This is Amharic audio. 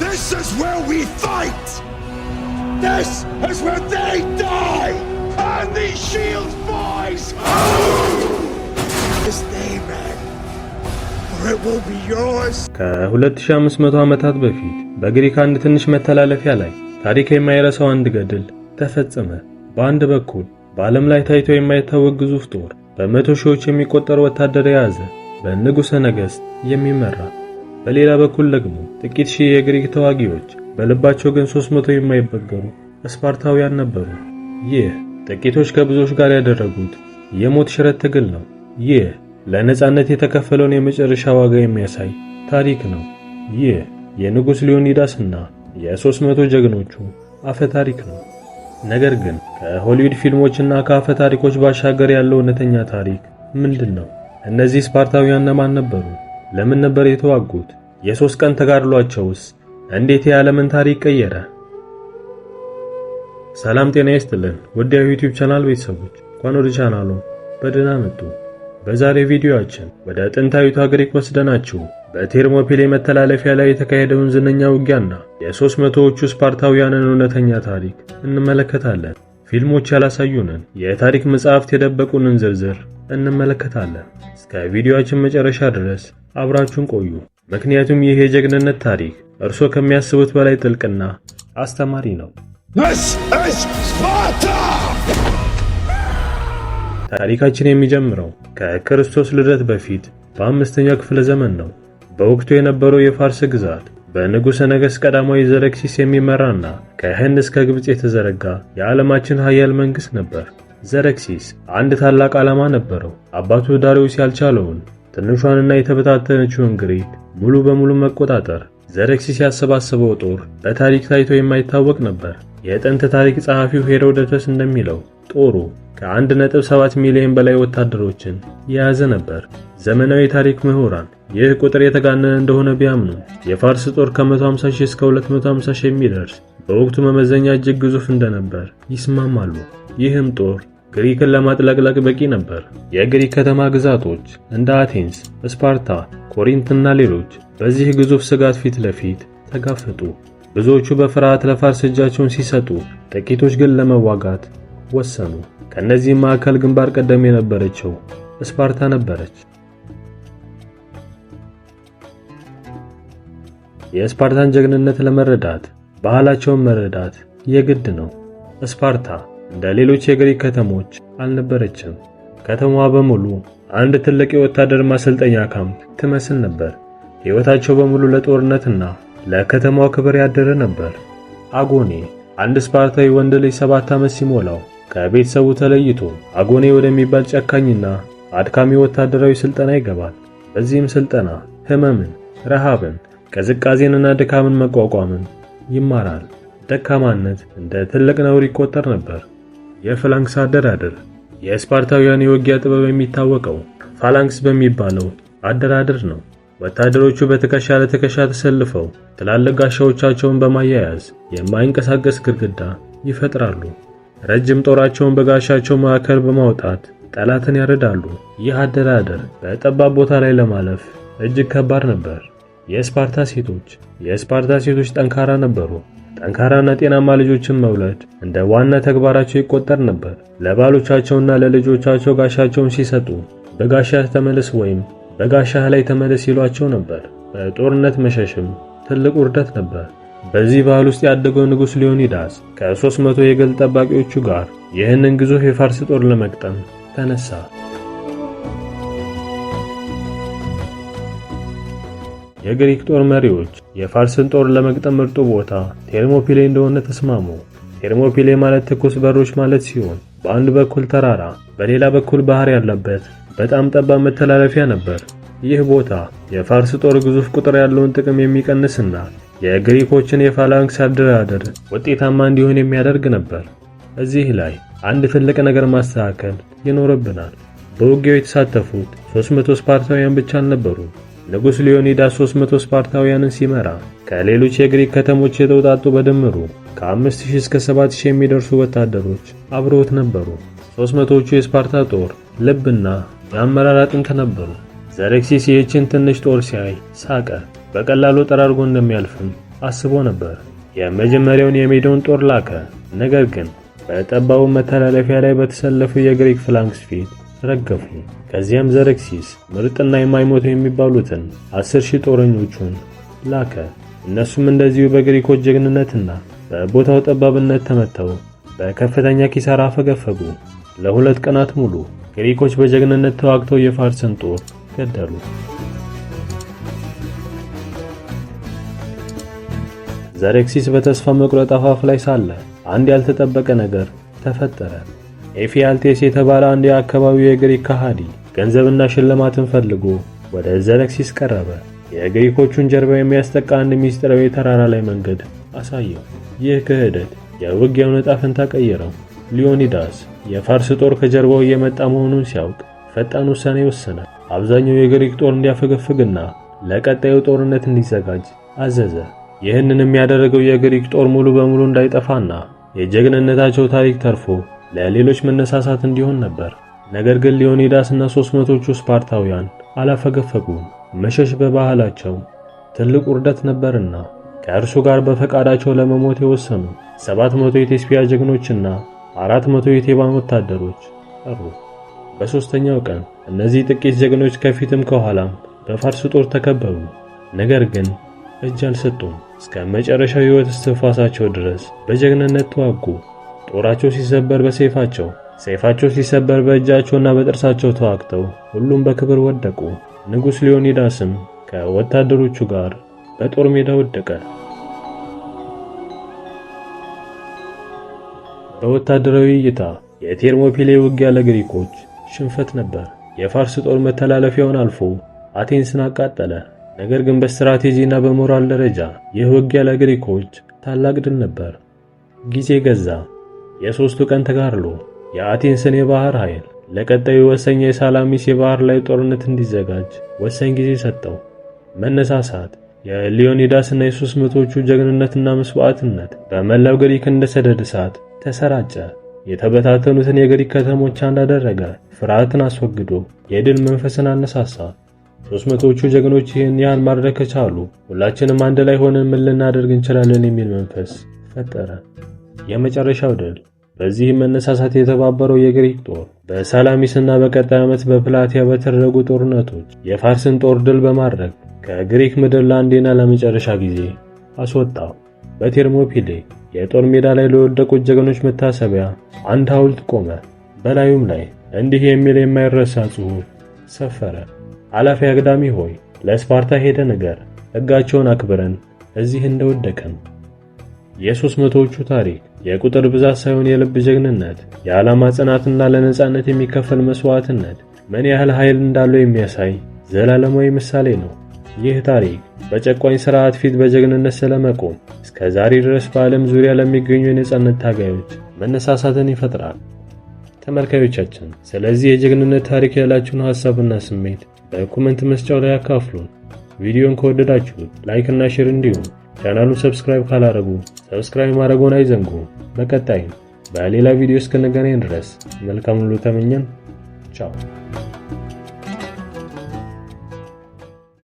This is where we fight! This is where they die! And these shield boys! This day, man. it will be yours! ከ2500 ዓመታት በፊት በግሪክ አንድ ትንሽ መተላለፊያ ላይ ታሪክ የማይረሳው አንድ ገድል ተፈጸመ። በአንድ በኩል በዓለም ላይ ታይቶ የማይታወቅ ግዙፍ ጦር በመቶ ሺዎች የሚቆጠር ወታደር የያዘ በንጉሠ ነገሥት የሚመራ በሌላ በኩል ደግሞ ጥቂት ሺህ የግሪክ ተዋጊዎች በልባቸው ግን 300 የማይበገሩ ስፓርታውያን ነበሩ። ይህ ጥቂቶች ከብዙዎች ጋር ያደረጉት የሞት ሽረት ትግል ነው። ይህ ለነጻነት የተከፈለውን የመጨረሻ ዋጋ የሚያሳይ ታሪክ ነው። ይህ የንጉሥ ሊዮኒዳስና የ300 ጀግኖቹ አፈ ታሪክ ነው። ነገር ግን ከሆሊውድ ፊልሞችና ከአፈ ታሪኮች ባሻገር ያለው እውነተኛ ታሪክ ምንድን ነው? እነዚህ ስፓርታውያን እነማን ነበሩ? ለምን ነበር የተዋጉት? የሦስት ቀን ተጋድሏቸውስ እንዴት የዓለምን ታሪክ ቀየረ? ሰላም ጤና ይስጥልን ውድ የዩቲዩብ ቻናል ቤተሰቦች እንኳን ወደ ቻናሉ በደህና መጡ። በዛሬ ቪዲዮአችን ወደ ጥንታዊቷ ግሪክ ወስደናችሁ በቴርሞፒሌ መተላለፊያ ላይ የተካሄደውን ዝነኛ ውጊያና የ300ዎቹ ስፓርታውያንን እውነተኛ ታሪክ እንመለከታለን። ፊልሞች ያላሳዩንን የታሪክ መጽሐፍት የደበቁንን ዝርዝር እንመለከታለን። እስከ ቪዲዮአችን መጨረሻ ድረስ አብራችሁን ቆዩ። ምክንያቱም ይህ የጀግንነት ታሪክ እርሶ ከሚያስቡት በላይ ጥልቅና አስተማሪ ነው። ታሪካችን የሚጀምረው ከክርስቶስ ልደት በፊት በአምስተኛው ክፍለ ዘመን ነው። በወቅቱ የነበረው የፋርስ ግዛት በንጉሠ ነገሥት ቀዳማዊ ዘለክሲስ የሚመራና ከህንድ እስከ ግብፅ የተዘረጋ የዓለማችን ኃያል መንግሥት ነበር። ዘረክሲስ አንድ ታላቅ ዓላማ ነበረው። አባቱ ዳሪዎስ ያልቻለውን ትንሿንና የተበታተነችውን ግሪክ ሙሉ በሙሉ መቆጣጠር። ዘረክሲስ ያሰባሰበው ጦር በታሪክ ታይቶ የማይታወቅ ነበር። የጥንት ታሪክ ጸሐፊው ሄሮዶተስ እንደሚለው ጦሩ ከ1.7 ሚሊዮን በላይ ወታደሮችን የያዘ ነበር። ዘመናዊ ታሪክ ምሁራን ይህ ቁጥር የተጋነነ እንደሆነ ቢያምኑ የፋርስ ጦር ከ150 ሺህ እስከ 250 ሺህ የሚደርስ በወቅቱ መመዘኛ እጅግ ግዙፍ እንደነበር ይስማማሉ። ይህም ጦር ግሪክን ለማጥለቅለቅ በቂ ነበር። የግሪክ ከተማ ግዛቶች እንደ አቴንስ፣ ስፓርታ፣ ኮሪንትና ሌሎች በዚህ ግዙፍ ስጋት ፊት ለፊት ተጋፈጡ። ብዙዎቹ በፍርሃት ለፋርስ እጃቸውን ሲሰጡ፣ ጥቂቶች ግን ለመዋጋት ወሰኑ። ከእነዚህም መካከል ግንባር ቀደም የነበረችው ስፓርታ ነበረች። የስፓርታን ጀግንነት ለመረዳት ባህላቸውን መረዳት የግድ ነው። ስፓርታ እንደ ሌሎች የግሪክ ከተሞች አልነበረችም። ከተማዋ በሙሉ አንድ ትልቅ የወታደር ማሰልጠኛ ካምፕ ትመስል ነበር። ሕይወታቸው በሙሉ ለጦርነትና ለከተማው ክብር ያደረ ነበር። አጎኔ አንድ ስፓርታዊ ወንድ ልጅ ሰባት ዓመት ሲሞላው ከቤተሰቡ ተለይቶ አጎኔ ወደሚባል ጨካኝና አድካሚ ወታደራዊ ስልጠና ይገባል። በዚህም ስልጠና ህመምን ረሃብን፣ ቅዝቃዜንና ድካምን መቋቋምን ይማራል። ደካማነት እንደ ትልቅ ነውር ይቆጠር ነበር። የፈላንክስ አደራደር የስፓርታውያን የውጊያ ጥበብ የሚታወቀው ፋላንክስ በሚባለው አደራደር ነው። ወታደሮቹ በትከሻ ለትከሻ ተሰልፈው ትላልቅ ጋሻዎቻቸውን በማያያዝ የማይንቀሳቀስ ግድግዳ ይፈጥራሉ። ረጅም ጦራቸውን በጋሻቸው ማዕከል በማውጣት ጠላትን ያረዳሉ። ይህ አደራደር በጠባብ ቦታ ላይ ለማለፍ እጅግ ከባድ ነበር። የስፓርታ ሴቶች የስፓርታ ሴቶች ጠንካራ ነበሩ። ጠንካራና ጤናማ ልጆችን መውለድ እንደ ዋና ተግባራቸው ይቆጠር ነበር። ለባሎቻቸውና ለልጆቻቸው ጋሻቸውን ሲሰጡ በጋሻ ተመለስ ወይም በጋሻ ላይ ተመለስ ይሏቸው ነበር። በጦርነት መሸሽም ትልቅ ውርደት ነበር። በዚህ ባህል ውስጥ ያደገው ንጉሥ ሊዮኒዳስ ከ መቶ የግል ጠባቂዎቹ ጋር ይህንን ግዙፍ የፋርስ ጦር ለመግጠም ተነሳ። የግሪክ ጦር መሪዎች የፋርስን ጦር ለመግጠም ምርጡ ቦታ ቴርሞፒሌ እንደሆነ ተስማሙ። ቴርሞፒሌ ማለት ትኩስ በሮች ማለት ሲሆን በአንድ በኩል ተራራ፣ በሌላ በኩል ባህር ያለበት በጣም ጠባብ መተላለፊያ ነበር። ይህ ቦታ የፋርስ ጦር ግዙፍ ቁጥር ያለውን ጥቅም የሚቀንስና የግሪኮችን የፋላንክስ አደራደር ውጤታማ እንዲሆን የሚያደርግ ነበር። እዚህ ላይ አንድ ትልቅ ነገር ማስተካከል ይኖርብናል። በውጊያው የተሳተፉት 300 ስፓርታውያን ብቻ አልነበሩም። ንጉሥ ሊዮኒዳስ 300 ስፓርታውያንን ሲመራ ከሌሎች የግሪክ ከተሞች የተውጣጡ በድምሩ ከ5000 እስከ 7000 የሚደርሱ ወታደሮች አብረውት ነበሩ። 300ዎቹ የስፓርታ ጦር ልብና የአመራር አጥንት ነበሩ። ዘሬክሲስ ይህችን ትንሽ ጦር ሲያይ ሳቀ። በቀላሉ ጠራርጎ እንደሚያልፍም አስቦ ነበር። የመጀመሪያውን የሜዶን ጦር ላከ። ነገር ግን በጠባቡ መተላለፊያ ላይ በተሰለፉ የግሪክ ፍላንክስ ፊት ረገፉ። ከዚያም ዘረክሲስ ምርጥና የማይሞቱ የሚባሉትን አስር ሺህ ጦረኞቹን ላከ። እነሱም እንደዚሁ በግሪኮች ጀግንነትና በቦታው ጠባብነት ተመተው በከፍተኛ ኪሳራ አፈገፈጉ። ለሁለት ቀናት ሙሉ ግሪኮች በጀግንነት ተዋግተው የፋርስን ጦር ገደሉ። ዘረክሲስ በተስፋ መቁረጥ አፋፍ ላይ ሳለ አንድ ያልተጠበቀ ነገር ተፈጠረ። ኤፊያልቴስ የተባለ አንድ የአካባቢው የግሪክ ከሃዲ ገንዘብና ሽልማትን ፈልጎ ወደ ዘለክሲስ ቀረበ። የግሪኮቹን ጀርባ የሚያስጠቃ አንድ ሚስጥራዊ የተራራ ላይ መንገድ አሳየው። ይህ ክህደት የውጊያው ዕጣ ፈንታ ቀየረው። ሊዮኒዳስ የፋርስ ጦር ከጀርባው እየመጣ መሆኑን ሲያውቅ ፈጣን ውሳኔ ወሰነ። አብዛኛው የግሪክ ጦር እንዲያፈገፍግና ለቀጣዩ ጦርነት እንዲዘጋጅ አዘዘ። ይህንን የሚያደረገው የግሪክ ጦር ሙሉ በሙሉ እንዳይጠፋና የጀግንነታቸው ታሪክ ተርፎ ለሌሎች መነሳሳት እንዲሆን ነበር። ነገር ግን ሊዮኒዳስና ሦስት መቶቹ ስፓርታውያን አላፈገፈጉም። መሸሽ በባህላቸው ትልቅ ውርደት ነበርና ከእርሱ ጋር በፈቃዳቸው ለመሞት የወሰኑ 700 የቴስፒያ ጀግኖችና 400 የቴባን ወታደሮች ቀሩ። በሦስተኛው ቀን እነዚህ ጥቂት ጀግኖች ከፊትም ከኋላም በፋርስ ጦር ተከበቡ። ነገር ግን እጅ አልሰጡም። እስከ መጨረሻው ሕይወት እስትንፋሳቸው ድረስ በጀግንነት ተዋጉ። ጦራቸው ሲሰበር በሰይፋቸው፣ ሰይፋቸው ሲሰበር በእጃቸውና በጥርሳቸው ተዋግተው ሁሉም በክብር ወደቁ። ንጉሥ ሊዮኒዳስም ከወታደሮቹ ጋር በጦር ሜዳ ወደቀ። በወታደራዊ እይታ የቴርሞፒሌ ውጊያ ለግሪኮች ሽንፈት ነበር። የፋርስ ጦር መተላለፊያውን አልፎ አቴንስን አቃጠለ። ነገር ግን በስትራቴጂና በሞራል ደረጃ ይህ ውጊያ ለግሪኮች ታላቅ ድል ነበር። ጊዜ ገዛ። የሦስቱ ቀን ተጋድሎ የአቴንስን የባህር ኃይል ለቀጣዩ ወሳኝ የሳላሚስ የባህር ላይ ጦርነት እንዲዘጋጅ ወሳኝ ጊዜ ሰጠው። መነሳሳት የሊዮኒዳስና የሦስት መቶዎቹ ጀግንነትና መስዋዕትነት በመላው ግሪክ እንደሰደድ እሳት ተሰራጨ። የተበታተኑትን የግሪክ ከተሞች አንዳደረገ ፍርሃትን አስወግዶ የድል መንፈስን አነሳሳ። ሦስት መቶዎቹ ጀግኖች ይህን ያህል ማድረግ ከቻሉ ሁላችንም አንድ ላይ ሆነን ምን ልናደርግ እንችላለን የሚል መንፈስ ፈጠረ። የመጨረሻው ድል በዚህ መነሳሳት የተባበረው የግሪክ ጦር በሳላሚስና በቀጣይ ዓመት በፕላቲያ በተደረጉ ጦርነቶች የፋርስን ጦር ድል በማድረግ ከግሪክ ምድር ለአንዴና ለመጨረሻ ጊዜ አስወጣው። በቴርሞፒሌ የጦር ሜዳ ላይ ለወደቁት ጀግኖች መታሰቢያ አንድ ሐውልት ቆመ። በላዩም ላይ እንዲህ የሚል የማይረሳ ጽሑፍ ሰፈረ። አላፊ አግዳሚ ሆይ ለስፓርታ ሄደ ነገር ሕጋቸውን አክብረን እዚህ እንደወደቀን የሶስት መቶዎቹ ታሪክ የቁጥር ብዛት ሳይሆን የልብ ጀግንነት፣ የዓላማ ጽናትና ለነጻነት የሚከፈል መስዋዕትነት ምን ያህል ኃይል እንዳለው የሚያሳይ ዘላለማዊ ምሳሌ ነው። ይህ ታሪክ በጨቋኝ ስርዓት ፊት በጀግንነት ስለመቆም እስከ ዛሬ ድረስ በዓለም ዙሪያ ለሚገኙ የነጻነት ታጋዮች መነሳሳትን ይፈጥራል። ተመልካዮቻችን፣ ስለዚህ የጀግንነት ታሪክ ያላችሁን ሐሳብና ስሜት በኮመንት መስጫው ላይ አካፍሉን። ቪዲዮን ከወደዳችሁት ላይክ እና ሼር እንዲሁም ቻናሉን ሰብስክራይብ ካላረጉ ሰብስክራይብ ማድረጎን አይዘንጉ። በቀጣይ በሌላ ቪዲዮ እስክንገናኝ ድረስ መልካም ሁሉ ተመኘን። ቻው